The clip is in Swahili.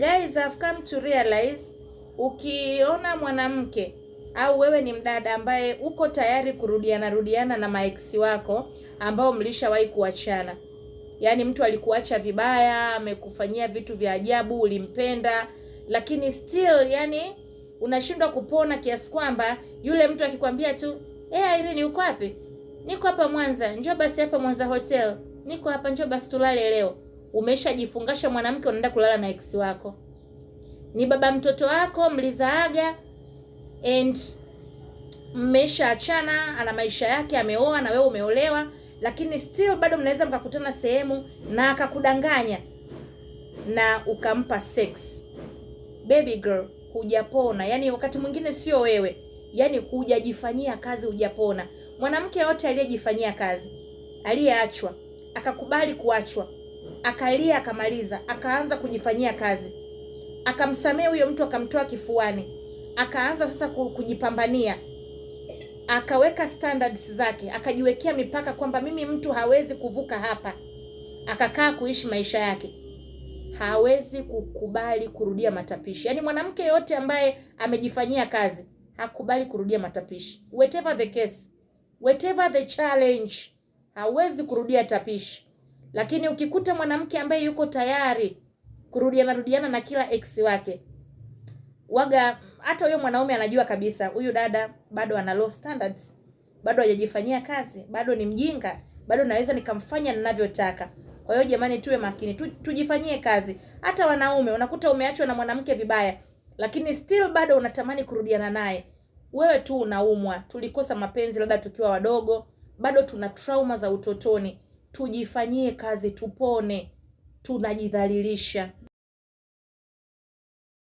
guys have come to realize, ukiona mwanamke au wewe ni mdada ambaye uko tayari kurudiana rudiana na maeksi wako ambao mlishawahi kuachana, yaani mtu alikuacha vibaya, amekufanyia vitu vya ajabu, ulimpenda lakini still, yani unashindwa kupona kiasi kwamba yule mtu akikwambia tu eh, Irene uko wapi? Niko hapa Mwanza. Njoo basi hapa Mwanza hotel. Niko hapa, njoo basi tulale leo umeshajifungasha mwanamke, unaenda kulala na ex wako, ni baba mtoto wako, mlizaaga and mmeshaachana, ana maisha yake, ameoa na wewe umeolewa, lakini still bado mnaweza mkakutana sehemu na akakudanganya na ukampa sex. Baby girl, hujapona. Yaani wakati mwingine sio wewe, yaani hujajifanyia kazi, hujapona. Mwanamke yote aliyejifanyia kazi, aliyeachwa, akakubali kuachwa akalia akamaliza, akaanza kujifanyia kazi, akamsamehe huyo mtu, akamtoa kifuani, akaanza sasa kujipambania, akaweka standards zake, akajiwekea mipaka kwamba mimi mtu hawezi kuvuka hapa. Akakaa kuishi maisha yake, hawezi kukubali kurudia matapishi. Yaani mwanamke yote ambaye amejifanyia kazi hakubali kurudia matapishi, whatever the case, whatever the challenge, hawezi kurudia tapishi. Lakini ukikuta mwanamke ambaye yuko tayari kurudiana rudiana na kila ex wake, waga hata huyo mwanaume anajua kabisa huyu dada bado ana low standards, bado hajajifanyia kazi, bado ni mjinga, bado naweza nikamfanya ninavyotaka. Kwa hiyo jamani, tuwe makini tu, tujifanyie kazi. Hata wanaume unakuta umeachwa na mwanamke vibaya, lakini still bado unatamani kurudiana naye. Wewe tu unaumwa, tulikosa mapenzi labda tukiwa wadogo, bado tuna trauma za utotoni tujifanyie kazi, tupone. Tunajidhalilisha.